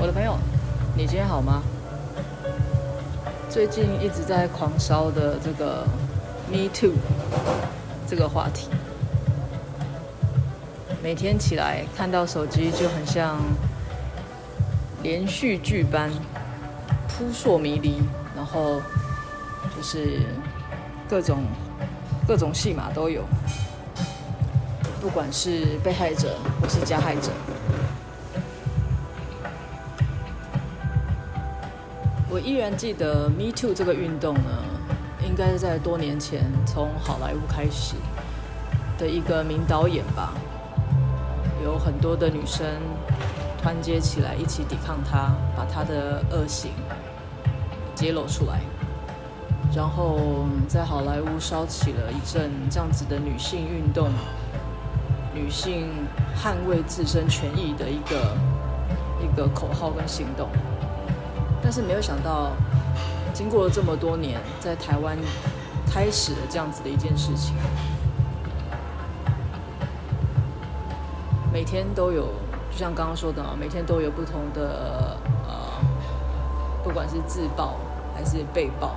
我的朋友，你今天好嗎？最近一直在狂燒的這個 “Me Too” 這個話題，每天起來看到手機就很像連續劇般撲朔迷離，然後就是各種各種戲碼都有，不管是被害者或是加害者。我依然記得 “Me Too” 這個運動呢，應該是在多年前從好萊塢開始的一個名導演吧，有很多的女生團結起來一起抵抗他，把他的惡行揭露出來，然後在好萊塢燒起了一陣這樣子的女性運動，女性捍衛自身權益的一個一個口號跟行動。但是沒有想到，經過了這麼多年，在台灣開始了這樣子的一件事情，每天都有，就像剛剛說的，每天都有不同的呃，不管是自爆還是被爆。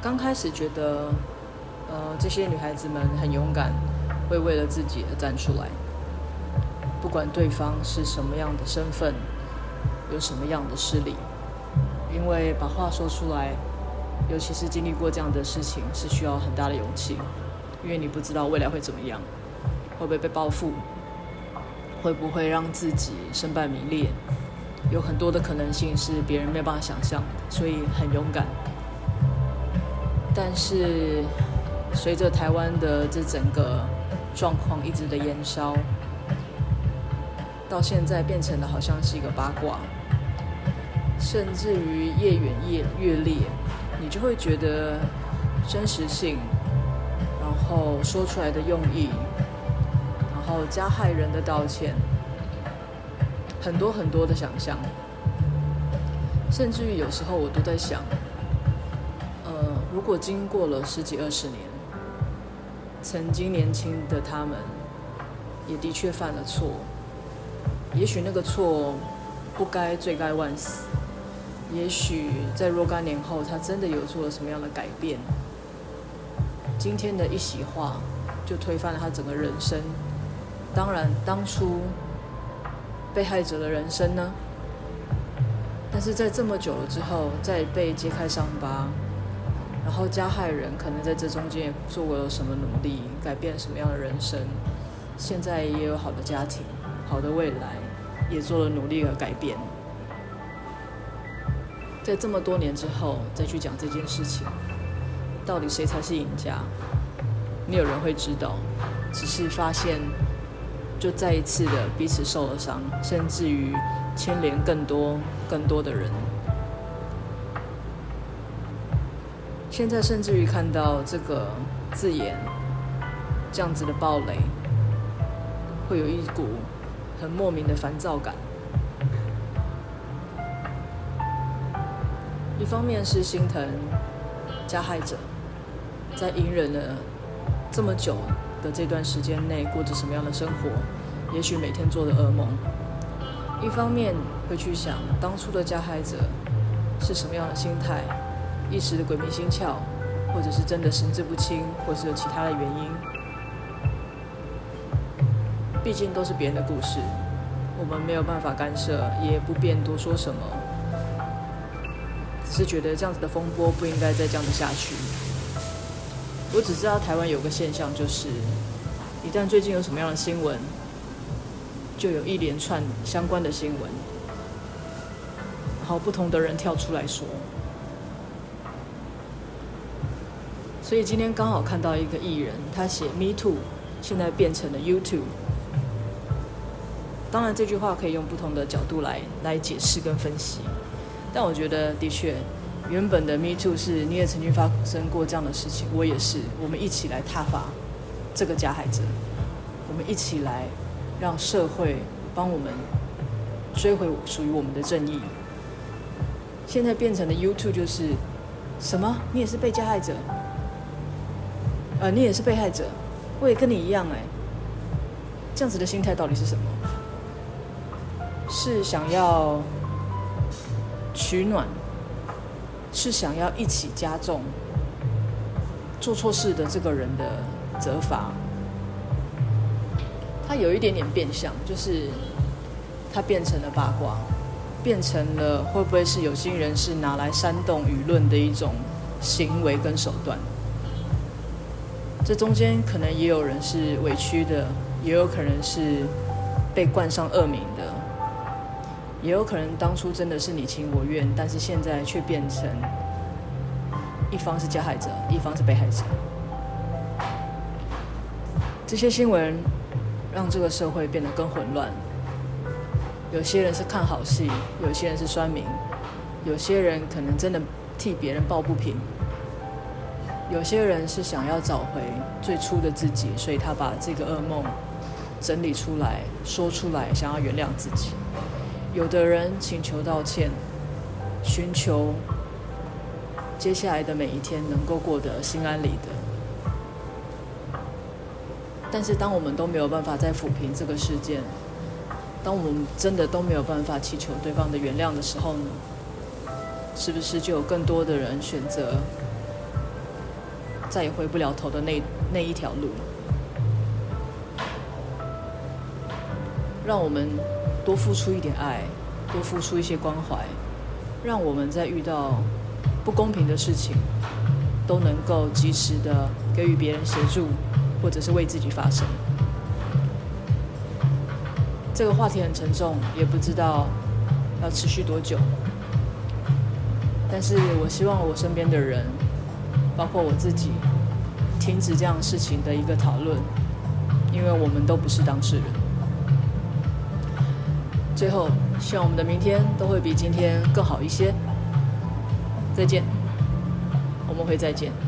剛開始覺得，呃，這些女孩子們很勇敢，會為了自己而站出來，不管對方是什麼樣的身份。有什麼樣的勢力？因為把話說出來，尤其是經歷過這樣的事情，是需要很大的勇氣。因為你不知道未來會怎麼樣，會不會被報復，會不會讓自己身敗名裂，有很多的可能性是別人沒辦法想象所以很勇敢。但是隨着台灣的這整個狀況一直的延燒。到現在變成了好像是一個八卦，甚至於越演越烈，你就會覺得真實性，然後說出來的用意，然後加害人的道歉，很多很多的想象，甚至於有時候我都在想，呃，如果經過了十幾二十年，曾經年輕的他們也的確犯了錯。也許那個錯，不該罪該萬死。也許在若干年後，他真的有做了什麼樣的改變。今天的一席話，就推翻了他整個人生。當然，當初被害者的人生呢？但是在這麼久了之後，再被揭開傷疤，然後加害人可能在這中間也做過什麼努力，改變什麼樣的人生？現在也有好的家庭，好的未來。也做了努力和改變，在這麼多年之後再去講這件事情，到底誰才是贏家？沒有人會知道，只是發現就再一次的彼此受了傷，甚至於牽連更多更多的人。現在甚至於看到這個字眼這樣子的暴雷，會有一股。很莫名的煩躁感，一方面是心疼加害者在隱忍了這麼久的這段時間內過着什麼樣的生活，也許每天做的噩夢；一方面會去想當初的加害者是什麼樣的心態，一時的鬼迷心竅，或者是真的神志不清，或者是有其他的原因。畢竟都是別人的故事，我們沒有辦法干涉，也不便多說什麼。只是覺得這樣子的風波不應該再這樣子下去。我只知道台灣有個現象，就是一旦最近有什麼樣的新聞，就有一連串相關的新聞，然後不同的人跳出來說。所以今天剛好看到一個藝人，他寫 Me Too，現在變成了 You Too。當然，這句話可以用不同的角度來來解釋跟分析。但我覺得，的確，原本的 me too 是你也曾經發生過這樣的事情，我也是，我們一起來撻伐這個加害者，我們一起來讓社會幫我們追回屬於我們的正義。現在變成的 you too 就是什麼？你也是被加害者？呃，你也是被害者？我也跟你一樣哎、欸？這樣子的心態到底是什麼？是想要取暖，是想要一起加重做錯事的這個人的責罰。它有一點點變相，就是它變成了八卦，變成了會不會是有心人士拿來煽動輿論的一種行為跟手段。這中間可能也有人是委屈的，也有可能是被冠上惡名的。也有可能當初真的是你情我願，但是現在卻變成一方是加害者，一方是被害者。這些新聞讓這個社會變得更混亂。有些人是看好戲，有些人是酸民，有些人可能真的替別人抱不平，有些人是想要找回最初的自己，所以他把這個噩夢整理出來，說出來，想要原諒自己。有的人請求道歉，尋求接下來的每一天能夠過得心安理得。但是，當我們都沒有辦法再撫平這個事件，當我們真的都沒有辦法祈求對方的原諒的時候呢？是不是就有更多的人選擇再也回不了頭的那那一條路？讓我們。多付出一點愛，多付出一些關懷，讓我們在遇到不公平的事情，都能夠及時的給予別人協助，或者是為自己發聲。這個話題很沉重，也不知道要持續多久。但是我希望我身邊的人，包括我自己，停止這樣事情的一個討論，因為我們都不是當事人。最後，希望我們的明天都會比今天更好一些。再見，我們會再見。